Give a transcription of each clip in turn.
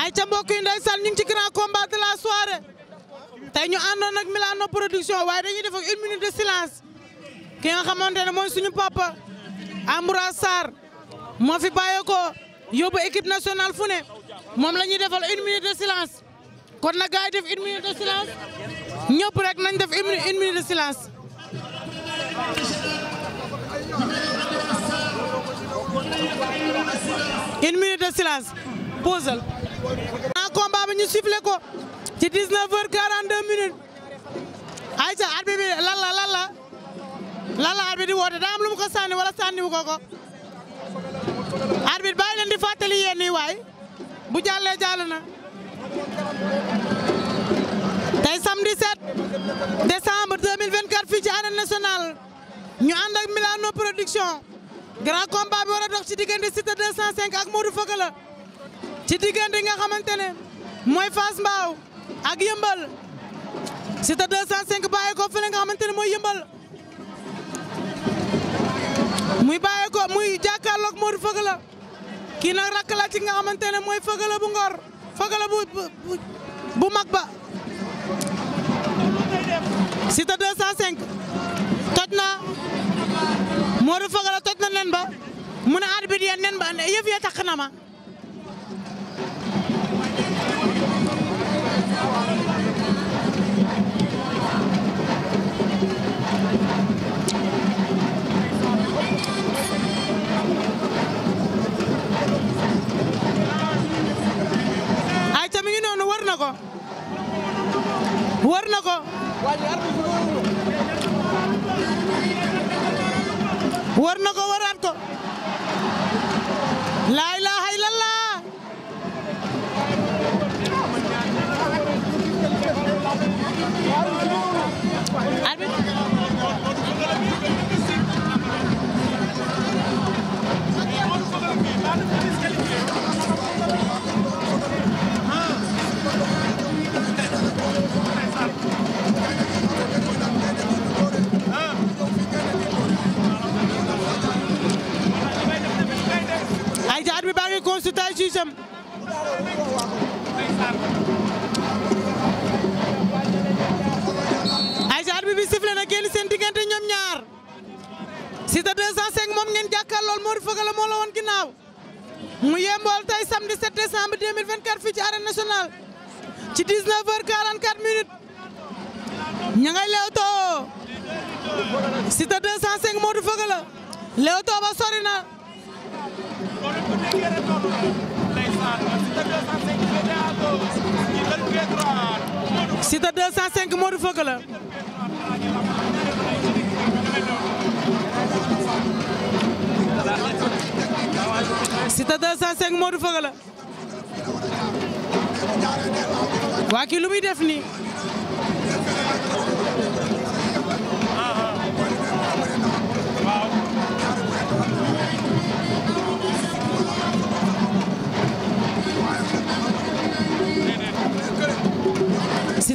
ay ca mbokk yi ndeysaan ñu ngi ci grand combat ñu àndoon ak Milano production waaye dañuy def une minute de silence ki nga xamante ne mooy suñu papa Amoura Sarr moo fi bàyyeekoo yóbbu équipe nationale fu ne moom la ñuy defal une minute de silence kon na gars yi une minute de silence ñëpp rek nañ def une minute de silence. une minute de silence posal na combat bi ñu sifflé ko ci 19 heures 42 minutes ayca arbitre bi lan la lan la lan la di woote daa lu mu ko sànni wala sànniwu ko ko arbitre bàyyi leen di fàttali yéen waay bu jàllee jàll na tey samedi 7 décembre 2024 fii ci arène nationale ñu ànd ak Milano grand combat bi war a dox ci diggante Siteu 205 ak Modou Feugeula ci diggante nga xamante ne mooy Fass Mbao ak Yëmbal Siteu 205 bàyyi ko fële nga xamante ne mooy Yëmbal muy bàyyi ko muy jàkkaarloog Modou Feugeula kii nag rakk la nga xamante ne mooy Feugeula bu Ngor Feugeula bu bu mag ba Siteu 205 toj na نن با من عربي دي نن با يفي تخنما اي تامي نو ورنكو ورنكو ورنكو ورنكو deuxième ayca arbitre bi sifflé na génn seen diggante ñoom ñaar Siteu 205 moom ngeen jàkkaarlool Modou Feugeleu moo la woon ginnaaw mu yembool tey samedi 7 décembre 2024 fii ci arène nationale ci 19h44 minutes ña ngay Leewtoo Siteu 205 Modou Feugeleu Leewtoo ba sori na Siteu 205 Modou Feugeleu Siteu 205 Modou Feugeleu fogo lá vai muy def nii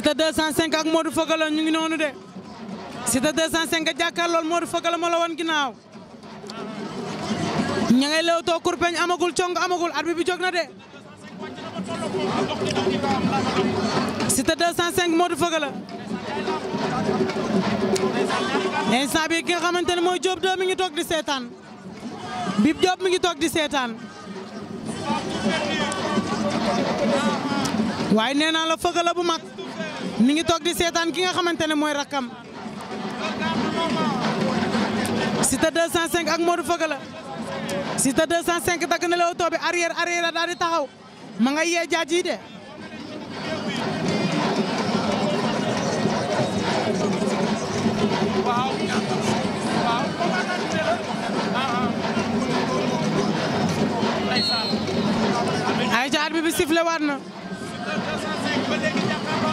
Sita 205 ak Modou Feugeleu ñu ngi nonu de Siteu 205 a jàkkaarlool Modou Feugeleu moo lawan woon ginnaaw ña to kurpeñ amagul cong amagul arbi bi jóg Sita de Siteu 205 Modou Feugeleu instant bi ki xamantene moy job do mi ngi tok di setan. Bib job mi ngi tok di setan. waaye nee la bu mak mi ngi toog di seetaan ki nga xamantene moy rakam si ta 205 ak Modou la si ta 205 dagg na la auto bi arrière arrière da di taxaw ma nga yee jaaji yi de ay ca arbitre bi sifflé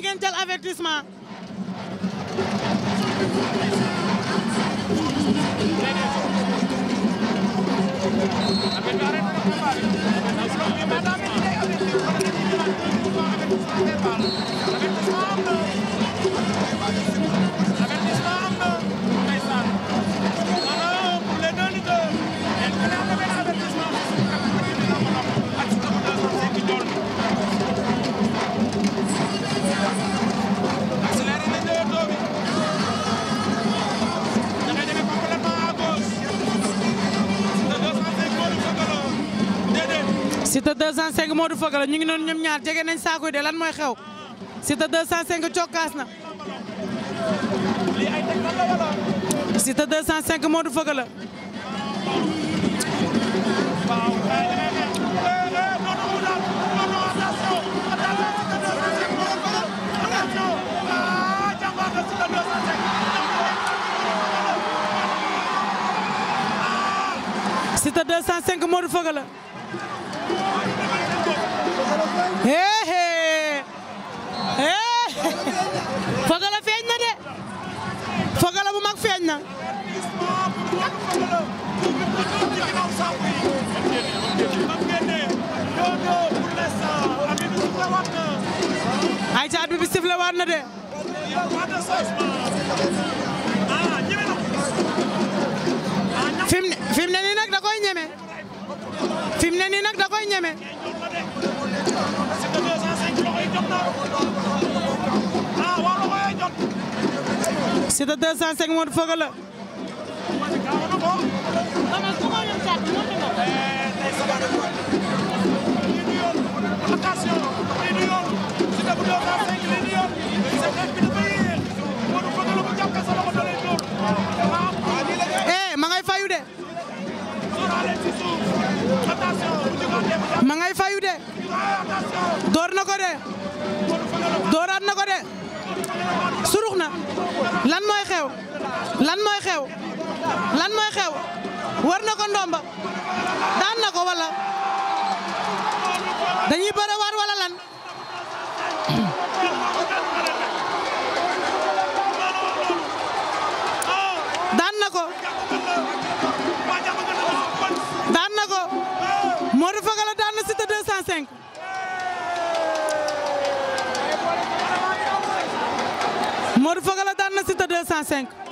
di ngeen jël avertissement. Abenare Siteu 205 Modou Feugeula ñu ngi noonu ñoom ñaar jege nañ saako yi de lan mooy xew Siteu 205 cokkaas na. Siteu 205 Modou Feugeula. Siteu 205 Modou Feugeula. xale bu mag feeñ na. ay de. fi mu ne fi mu ne nii nag da Siteu 205 Modou Feugeula eh ma ngay fayu de ma ngay fayu de door na ko de dooraat na ko de surux na lan mooy xew lan mooy xew lan mooy xew war na ko daan na ko wala dañuy bare 505.